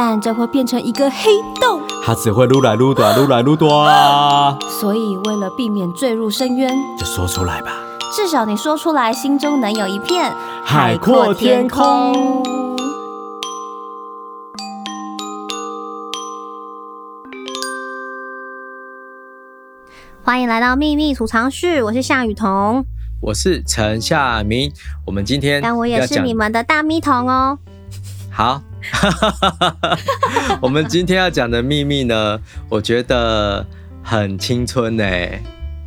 但這會變成一個黑洞，它只會愈來愈短，短，愈來愈短啊。所以為了避免墜入深淵，就說出來吧。至少你說出來，心中能有一片海闊天，天空。歡迎來到秘密儲藏室，我是夏雨桐，我是陳夏明。我們今天，但我也是你們的大咪桶哦、喔。好。哈， 我們今天要講的祕密呢，我覺得很青春呢、欸。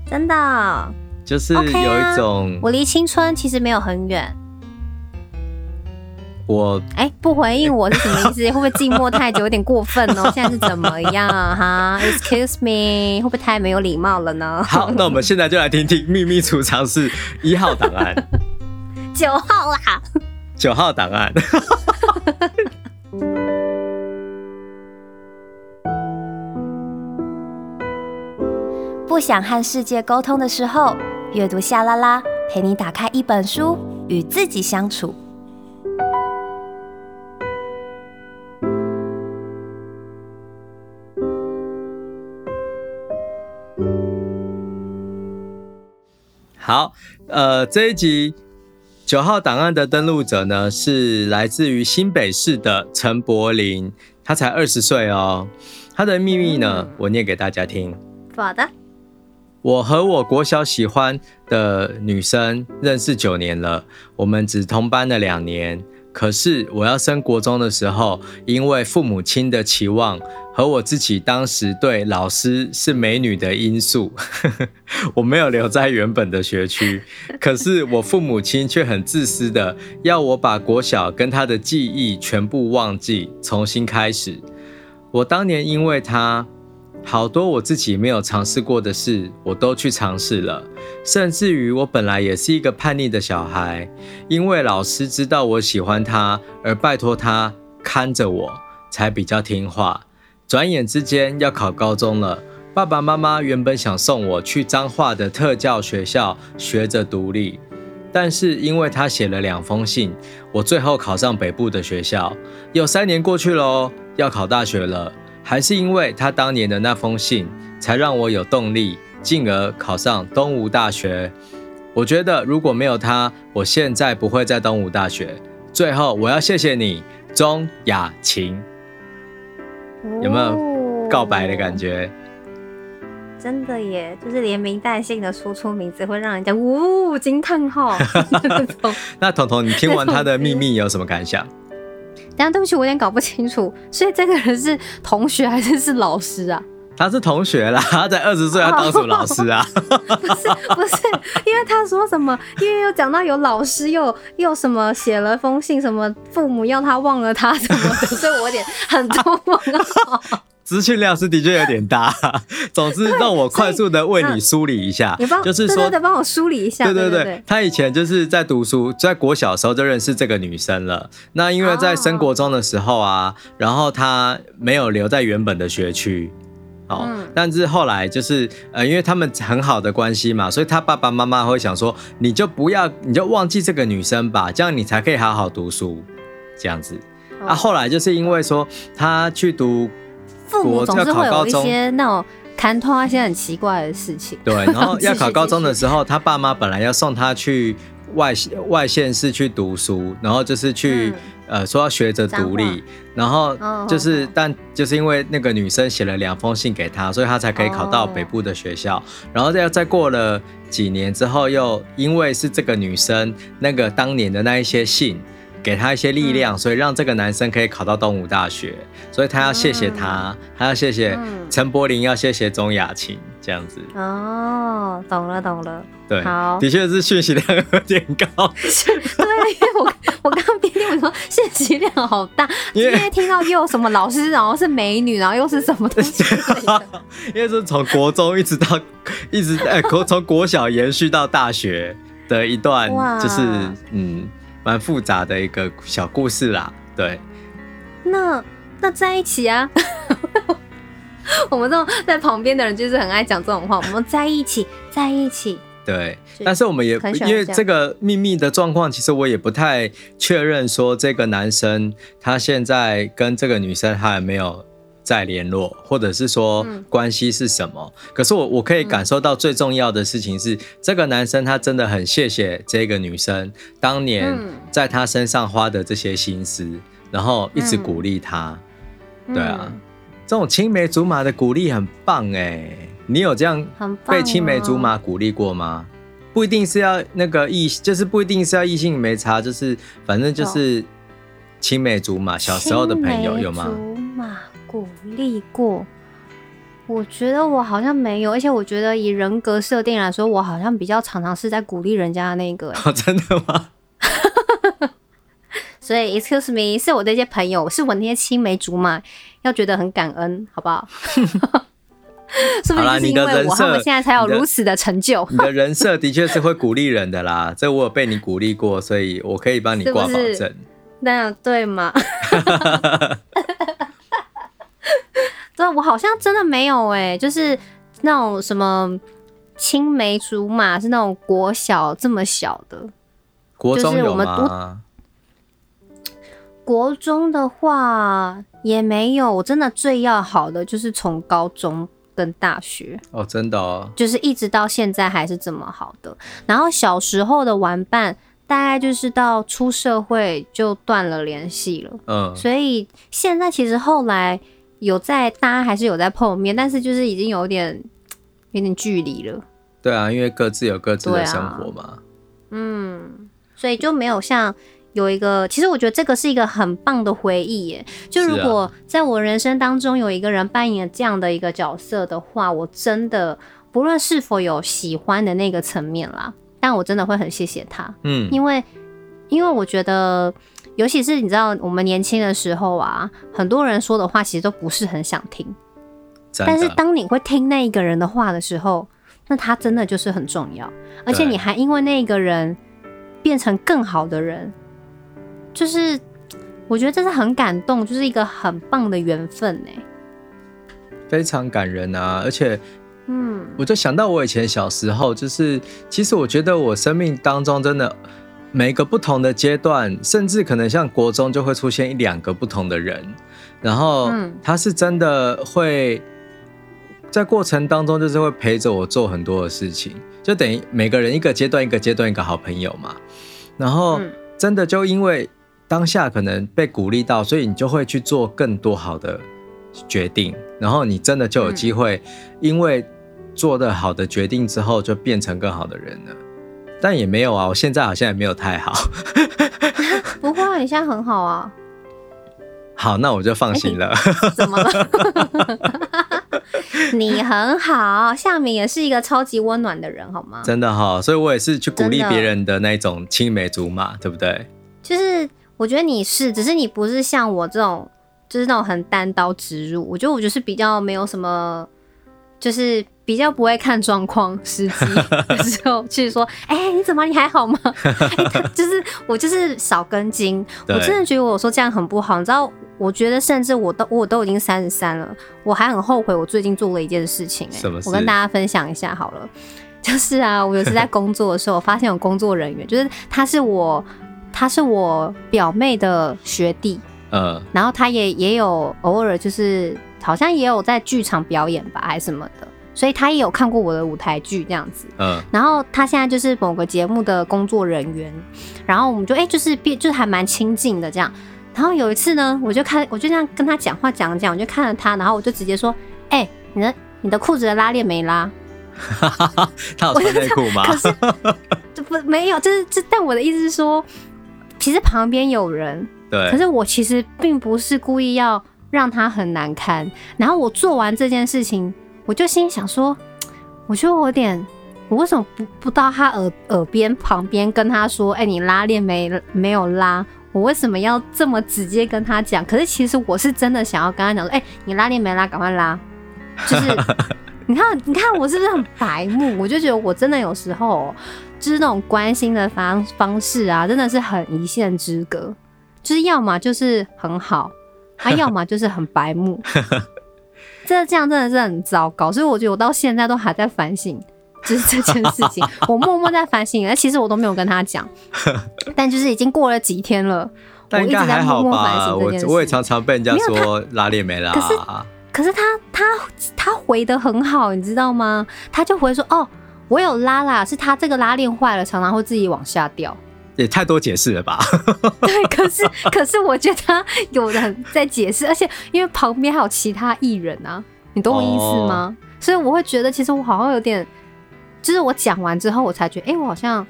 真的，就是有一種、okay 啊、我離青春其實沒有很遠。我哎、欸，不回應我是什麼意思？ 會不會寂寞太久有點過分哦？現在是怎麼樣哈、huh？Excuse me，會不會太沒有禮貌了呢？好，那我們現在就來聽聽祕密儲藏室一號檔案。九 號啦。九號檔案。 不想和世界溝通的時候，閱讀夏拉拉陪你打開一本書，與自己相處。好，呃，這一集九號檔案的登錄者呢，是來自於新北市的陳柏霖，他才二十歲哦。他的秘密呢，我念給大家聽。好的。我和我國小喜歡的女生認識九年了，我們只同班了兩年。可是我要升國中的時候，因為父母親的期望和我自己當時對老師是美女的因素， 我沒有留在原本的學區。可是我父母親卻很自私的要我把國小跟她的記憶全部忘記，重新開始。我當年因為她。好多我自己沒有嘗試過的事，我都去嘗試了。甚至於，我本來也是一個叛逆的小孩，因為老師知道我喜歡他，而拜托他看着我，才比較聽話。轉眼之間要考高中了，爸爸媽媽原本想送我去彰化的特教學校學着獨立，但是因為他寫了兩封信，我最後考上北部的學校。又三年過去了，要考大學了。還是因為他當年的那封信，才讓我有動力，進而考上東吳大學。我覺得如果沒有他，我現在不會在東吳大學。最後，我要謝謝你，鍾亞晴、哦、有沒有告白的感覺？真的耶，就是連名帶姓的輸出名字，會讓人家嗚、哦、驚嘆號。 那彤彤，你聽完他的秘密有什麼感想？ 那對不起，我有點搞不清楚，所以這個人是同學還是是老師啊？他是同學啦，他在二十歲，要告訴老師啊？哦、不是不是，因為他說什麼，因為又講到有老師，又又什麼寫了封信，什麼父母要他忘了他什麼的， 所以我有點很多問號。資訊量是的確有點大， 總之讓我快速的為你梳理一下，啊、就是說的幫我，我梳理一下對對對。對對對，他以前就是在讀書，嗯，在國小的時候就認識這個女生了。那因為在升國中的時候啊、哦，然後他沒有留在原本的學區，哦、嗯，但是後來就是呃，因為他們很好的關係嘛，所以他爸爸媽媽會想說，你就不要，你就忘記這個女生吧，這樣你才可以好好讀書，這樣子。哦、啊，後來就是因為說他去讀。我要考高中，父母總是會有一些那種談吐啊，一些很奇怪的事情。對，然後要考高中的時候， 他爸媽本來要送他去外縣外縣市去讀書，然後就是去、嗯、呃說要學着獨立，然後就是、哦、好好，但就是因為那個女生寫了兩封信給他，所以他才可以考到北部的學校。哦、然後再再過了幾年之後，又因為是這個女生那個當年的那一些信，給他一些力量，嗯，所以讓這個男生可以考到東吳大學，所以他要謝謝他，嗯，他要謝謝陳柏霖，嗯，要謝謝鍾亞晴。這樣子。哦，懂了，懂了。對，好，的確是訊息量有點高。是對、啊， 因為我我剛畢業，我剛剛說訊息量好大，因為今天聽到又什麼老師，然後是美女，然後又是什麼的。 因為是從國中一直到一直哎，從、欸、國小延續到大學的一段，就是嗯。蠻複雜的一個小故事啦，對。那那在一起啊， 我們這種在旁邊的人就是很愛講這種話，我們在一起，在一起。對，但是我們也因為這個祕密的狀況，其實我也不太確認說這個男生他現在跟這個女生還有沒有再聯絡，或者是說關係是什麼？嗯、可是我我可以感受到最重要的事情是、嗯，這個男生他真的很謝謝這個女生當年在他身上花的這些心思，嗯、然後一直鼓勵他、嗯。對啊、嗯，這種青梅竹馬的鼓勵很棒哎、欸！你有這樣被青梅竹馬鼓勵過嗎、哦？不一定是要那個異，就是不一定是要異性沒差，就是反正就是青梅竹馬小時候的朋友有嗎？鼓勵過，我覺得我好像沒有，而且我覺得以人格設定來說，我好像比較常常是在鼓勵人家的那個、欸啊。真的嗎？ 所以，excuse me，是我的一些朋友，是我的那些青梅竹馬，要覺得很感恩，好不好？好啦，你的人設，我現在才有如此的成就。 你的，你的人設的確是會鼓勵人的啦，這我有被你鼓勵過，所以我可以幫你掛保證是不是？那對嗎？ 我好像真的沒有哎、欸，就是那種什麼青梅竹馬，是那種國小這麼小的，國中、就是、我們讀國中的話也沒有，我真的最要好的就是從高中跟大學哦，真的，哦，就是一直到現在還是這麼好的。然後小時候的玩伴，大概就是到出社會就斷了聯繫了。嗯，所以現在其實後來。有在搭還是有在碰面，但是就是已經有點有點距離了。對啊，因為各自有各自的生活嘛。對啊。嗯，所以就沒有像有一個，其實我覺得這個是一個很棒的回憶耶。就如果在我人生當中有一個人扮演這樣的一個角色的話，我真的不論是否有喜歡的那個層面啦，但我真的會很謝謝他。嗯，因為因為我覺得。尤其是你知道，我們年輕的時候啊，很多人說的話其實都不是很想聽。但是當你會聽那一個人的話的時候，那他真的就是很重要，而且你還因為那一個人變成更好的人，就是我覺得這是很感動，就是一個很棒的緣分，非常感人啊！而且，嗯，我就想到我以前小時候，就是其實我覺得我生命當中真的。每個不同的階段，甚至可能像國中就會出現一兩個不同的人，然後他是真的會在過程當中，就是會陪着我做很多的事情，就等於每個人一個階段一個階段一個好朋友嘛。然後真的就因為當下可能被鼓勵到，所以你就會去做更多好的決定，然後你真的就有機會，因為做的好的決定之後，就變成更好的人了。但也沒有啊，我現在好像也沒有太好。 不會，你現在很好啊。好，那我就放心了。欸，怎麼了？ 你很好，夏民也是一個超級溫暖的人，好嗎？真的哈、哦，所以我也是去鼓勵別人的那一種青梅竹馬，對不對？就是我覺得你是，只是你不是像我這種，就是那種很單刀直入。我覺得我就是比較沒有什麼。就是比較不會看狀況時機的時候去說，哎、 欸，你怎麼？你還好嗎？就是我就是少根筋，我真的覺得我說這樣很不好。你知道，我覺得甚至我都我都已經三十三了，我還很後悔，我最近做了一件事情、欸。哎，我跟大家分享一下好了，就是啊，我有次在工作的時候， 發現有工作人員，就是他是我他是我表妹的學弟，嗯，然後他也也有偶爾就是。好像也有在劇場表演吧，還是什麼的，所以他也有看過我的舞台劇這樣子。嗯，然後他現在就是某個節目的工作人員，然後我們就哎、欸，就是變，就是還蠻親近的這樣。然後有一次呢，我就看，我就這樣跟他講話，講講，我就看了他，然後我就直接說：“哎、欸，你的你的褲子的拉鏈沒拉？” 他好內褲嗎？ 可是這不沒有，就是這，但我的意思是說，其實旁邊有人，對，可是我其實並不是故意要。讓他很難堪。然後我做完這件事情，我就心裡想說：“我覺得我有點，我為什麼不不到他耳耳邊旁邊跟他說？欸，你拉鏈沒沒有拉？我為什麼要這麼直接跟他講？可是其實我是真的想要跟他講說：欸，你拉鏈沒拉，趕快拉。就是 你看，你看我是不是很白目？我就覺得我真的有時候，就是那種關心的方方式啊，真的是很一線之隔。就是要麼就是很好。”他、啊、要麼就是很白目，這這樣真的是很糟糕，所以我覺得我到現在都還在反省，就是這件事情，我默默在反省，但其實我都沒有跟他講，但就是已經過了幾天了，但應該還好吧。我一直在默默反省這件事，我我也常常被人家說拉鍊沒拉好、啊、可是可是他他他回得很好，你知道嗎？他就回說哦，我有拉啦，是他這個拉鏈壞了，常常會自己往下掉。也太多解釋了吧？ 對，可是可是我覺得他有人在解釋，而且因為旁邊還有其他藝人啊，你懂我意思嗎？Oh. 所以我會覺得其實我好像有點，就是我講完之後我才覺得，哎、欸，我好像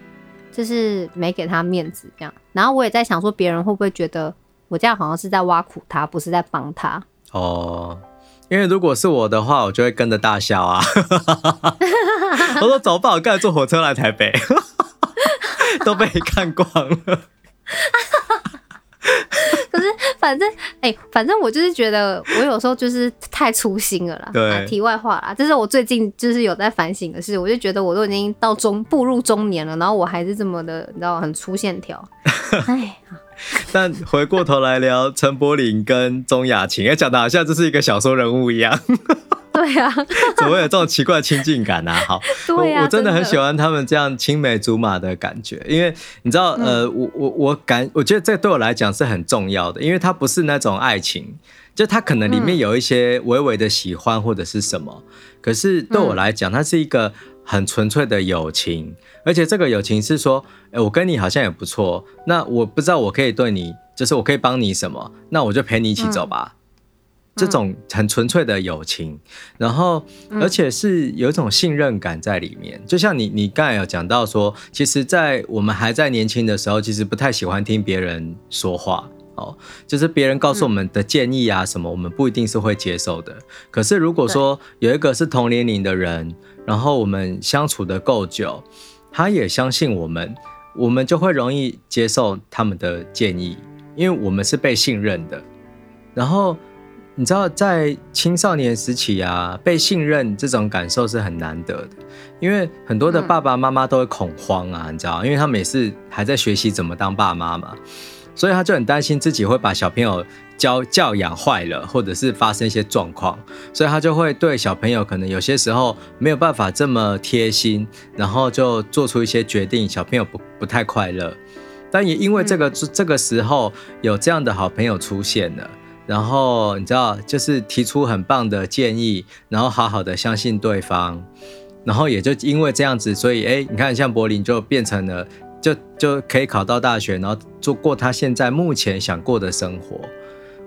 就是沒給他面子這樣。然後我也在想說，別人會不會覺得我這樣好像是在挖苦他，不是在幫他？哦、oh.，因為如果是我的話，我就會跟着大笑啊。 我說走吧，我剛才坐火車來台北。 都被看光了 可是反正哎、欸，反正我就是覺得我有時候就是太粗心了啦。對，題外話啦，這是我最近就是有在反省的事，我就覺得我都已經到中步入中年了，然後我還是這麼的，你知道很粗線條。哎， 但回過頭來聊陳柏霖跟鍾亞晴，哎，講的好像這是一個小說人物一樣。 對呀，怎麼會有這種奇怪親近感呢、啊？好， 對啊、我我真的很喜歡他們這樣青梅竹馬的感覺，因為你知道，嗯、呃，我我我感，我覺得這對我來講是很重要的，因為它不是那種愛情，就它可能裡面有一些微微的喜歡或者是什麼，嗯、可是對我來講，它是一個很純粹的友情、嗯，而且這個友情是說，哎、欸，我跟你好像也不錯，那我不知道我可以對你，就是我可以幫你什麼，那我就陪你一起走吧。嗯這種很純粹的友情、嗯，然後而且是有一種信任感在裡面。嗯、就像你你剛才有講到說，其實，在我們還在年輕的時候，其實不太喜歡聽別人說話哦，就是別人告訴我們的建議啊什麼，嗯、什麼我們不一定是會接受的。可是如果說有一個是同年齡的人，然後我們相處得夠久，他也相信我們，我們就會容易接受他們的建議，因為我們是被信任的。然後。你知道，在青少年時期啊，被信任這種感受是很難得的，因為很多的爸爸媽媽都會恐慌啊，你知道，因為他們也是還在學習怎麼當爸媽嘛，所以他就很擔心自己會把小朋友教教養壞了，或者是發生一些狀況，所以他就會對小朋友可能有些時候沒有辦法這麼貼心，然後就做出一些決定，小朋友不不太快樂。但也因為這個這個時候有這樣的好朋友出現了。然後你知道，就是提出很棒的建議，然後好好的相信對方，然後也就因為這樣子，所以哎，你看像柏霖就變成了，就就可以考到大學，然後就過他現在目前想過的生活。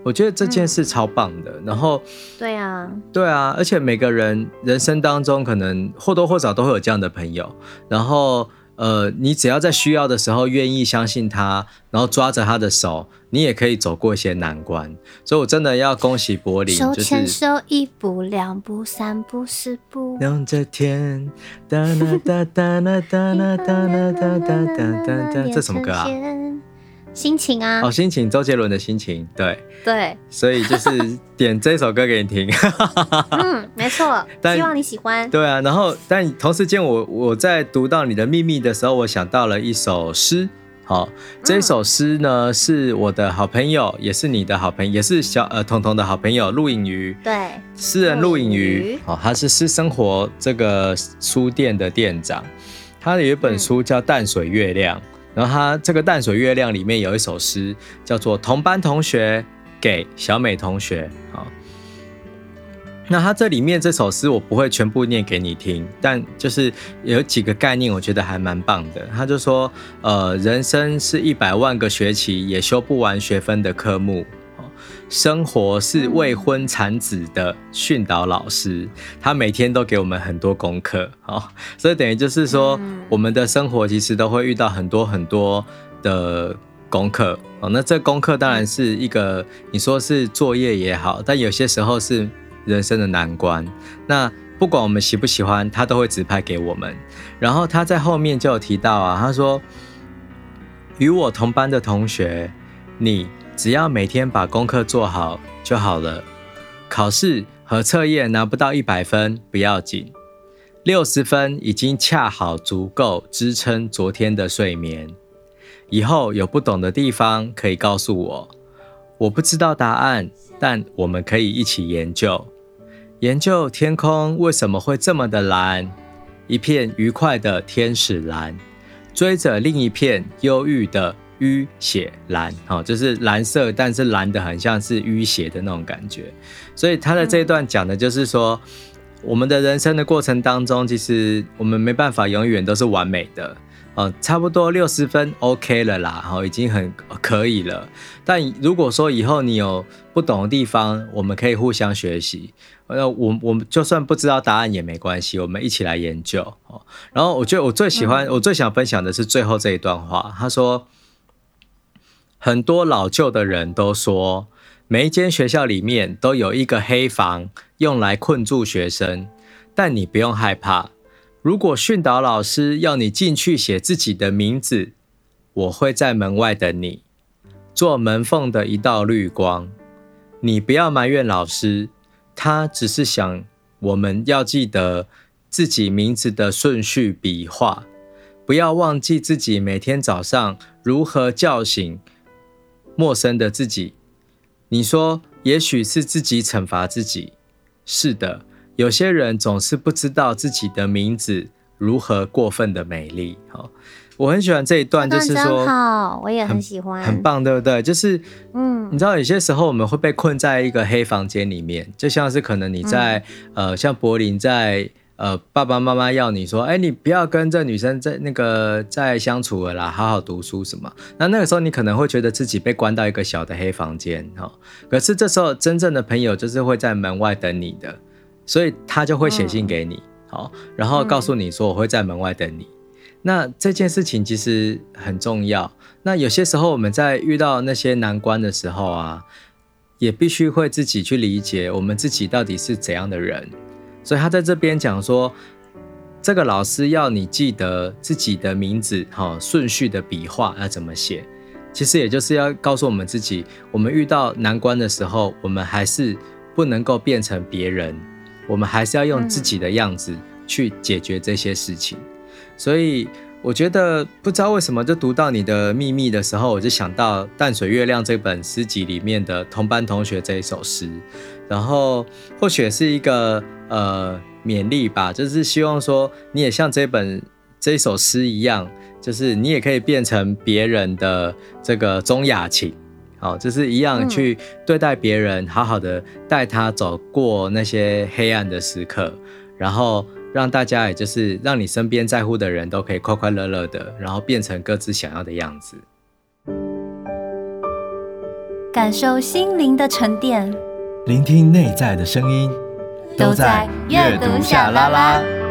我覺得這件事超棒的。嗯、然後，對啊，對啊，而且每個人人生當中可能或多或少都會有這樣的朋友，然後。呃，你只要在需要的時候願意相信他，然後抓着他的手，你也可以走過一些難關。所以，我真的要恭喜柏霖。手牽手，一步兩步三步四步。望着天，噠噠噠噠噠噠噠噠噠噠噠。 這什麼歌啊？心情啊，好、哦、心情，周杰倫的心情，對對，所以就是點這首歌給你聽。 嗯，沒錯，希望你喜歡。對啊，然後但同時間我，我我在讀到你的秘密的時候，我想到了一首詩。好、哦，這首詩呢、嗯、是我的好朋友，也是你的好朋友，也是小呃彤彤的好朋友陸穎魚。對，詩人陸穎魚。好、就是哦，他是詩生活這個書店的店長，他有一本書叫淡、嗯《淡水月亮》。然後他這個淡水月亮裡面有一首詩，叫做《同班同學給小美同學》啊。那他這裡面這首詩，我不會全部念給你聽，但就是有幾個概念，我覺得還蠻棒的。他就說，呃，人生是一百萬個學期也修不完學分的科目。生活是未婚產子的訓導老師。嗯，他每天都給我們很多功課，好，喔，所以等於就是說。嗯，我們的生活其實都會遇到很多很多的功課，哦，喔，那這功課當然是一個、嗯、你說是作業也好，但有些時候是人生的難關。那不管我們喜不喜歡，他都會指派給我們。然後他在後面就有提到啊，他說：“與我同班的同學，你。”只要每天把功課做好就好了。考試和測驗拿不到一百分不要緊，六十分已經恰好足夠支撐昨天的睡眠。以後有不懂的地方可以告訴我，我不知道答案，但我們可以一起研究。研究天空為什麼會這麼的藍，一片愉快的天使藍，追着另一片憂鬱的。淤血藍，哦，就是藍色，但是藍得很像是淤血的那種感覺。所以他的這一段講的就是說，我們的人生的過程當中，其實我們沒辦法永遠都是完美的。差不多六十分，OK 了啦，已經很可以了。但如果說以後你有不懂的地方，我們可以互相學習。那我我們就算不知道答案也沒關係，我們一起來研究。然後我覺得我最喜歡，嗯、我最想分享的是最後這一段話，他說。很多老舊的人都說，每一間學校裡面都有一個黑房，用來困住學生。但你不用害怕，如果訓導老師要你進去寫自己的名字，我會在門外等你，做門縫的一道綠光。你不要埋怨老師，他只是想我們要記得自己名字的順序筆畫，不要忘記自己每天早上如何叫醒。陌生的自己，你說也許是自己懲罰自己。是的，有些人總是不知道自己的名字如何過分的美麗。哈，我很喜歡這一段，就是說，好，我也很喜歡很，很棒，對不對？就是，嗯，你知道有些時候我們會被困在一個黑房間裡面，就像是可能你在、嗯、呃，像柏霖在。呃，爸爸媽媽要你說，哎，你不要跟這女生在那個再相處了啦，好好讀書什麼。那那個時候，你可能會覺得自己被關到一個小的黑房間哈、哦。可是這時候，真正的朋友就是會在門外等你的，所以他就會寫信給你，好、哦哦，然後告訴你說我會在門外等你、嗯。那這件事情其實很重要。那有些時候，我們在遇到那些難關的時候啊，也必須會自己去理解我們自己到底是怎樣的人。所以他在這邊講說，這個老師要你記得自己的名字，哈，順序的筆畫要怎麼寫，其實也就是要告訴我們自己，我們遇到難關的時候，我們還是不能夠變成別人，我們還是要用自己的樣子去解決這些事情。嗯。所以我覺得，不知道為什麼，就讀到你的祕密的時候，我就想到《淡水月亮》這本詩集裡面的《同班同學》這一首詩。然後或許是一個呃勉勵吧，就是希望說你也像這本這首詩一樣，就是你也可以變成別人的這個鍾亞晴。好、哦，就是一樣去對待別人，好好的帶他走過那些黑暗的時刻，然後讓大家也就是讓你身邊在乎的人都可以快快樂樂的，然後變成各自想要的樣子，感受心靈的沉澱，聆聽內在的聲音，都在閱讀夏 LaLa。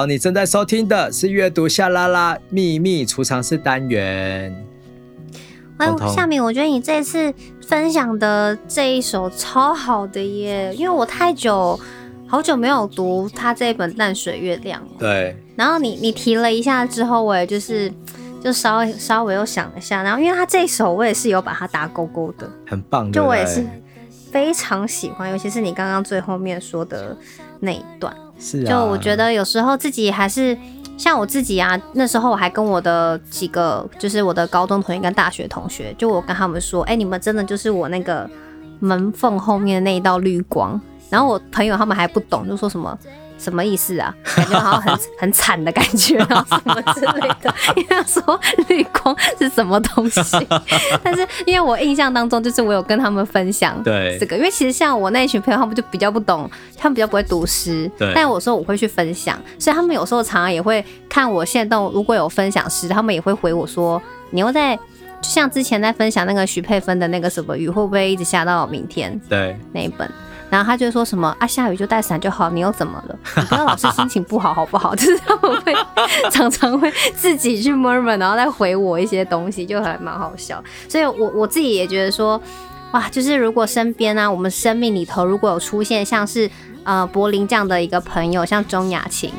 好，你正在收聽的是閱讀夏拉拉祕密儲藏室單元。哎，夏民我覺得你這次分享的這一首超好的耶，因為我太久好久沒有讀他這一本《淡水月亮》了。對。然後你你提了一下之後，我也就是就稍微稍微又想了一下，然後因為他這一首我也是有把它打勾勾的，很棒的。就我也是非常喜歡，尤其是你剛剛最後面說的那一段。就我覺得有時候自己還是像我自己啊，那時候我還跟我的幾個，就是我的高中同學跟大學同學，就我跟他們說，哎、欸，你們真的就是我那個門縫後面的那一道綠光。然後我朋友他們還不懂，就說什麼。什麼意思啊？感覺好像很 很慘的感覺啊，什麼之類的。因為他說綠光是什麼東西，但是因為我印象當中，就是我有跟他們分享這個。對，因為其實像我那一群朋友，他們就比較不懂，他們比較不會讀詩。但我說我會去分享，所以他們有時候常常也會看我現動。如果有分享詩，他們也會回我說：“你又在像之前在分享那個徐佩芬的那個什麼雨會不會一直下到明天？”對，那一本。然後他就說什麼啊，下雨就帶傘就好，你又怎麼了？不要老是心情不好，好不好？ 就是他們會常常會自己去 murmur，然後再回我一些東西，就還蠻好笑。所以我，我我自己也覺得說，哇，就是如果身邊啊，我們生命裡頭如果有出現像是呃柏霖這樣的一個朋友，像鍾亞晴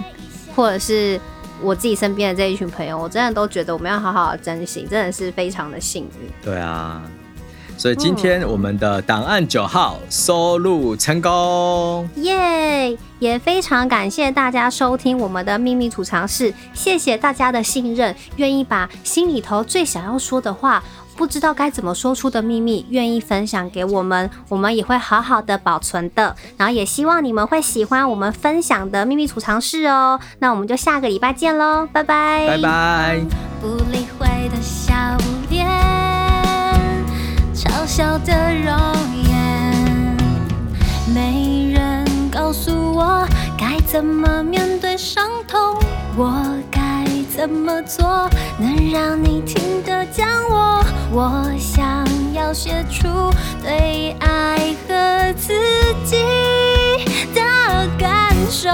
或者是我自己身邊的這一群朋友，我真的都覺得我們要好好的珍惜，真的是非常的幸運。對啊。所以今天我們的檔案九號收錄成功，嗯，耶、嗯！也非常感謝大家收聽我們的秘密儲藏室，謝謝大家的信任，願意把心裡頭最想要說的話，不知道該怎麼說出的秘密，願意分享給我們，我們也會好好的保存的。然後也希望你們會喜歡我們分享的秘密儲藏室哦。那我們就下個禮拜見嘍，拜拜，拜拜。不理會的下午小小的容顏，沒人告訴我該怎麼面對傷痛，我該怎麼做能讓你聽得見我？我想要寫出對愛和自己的感受。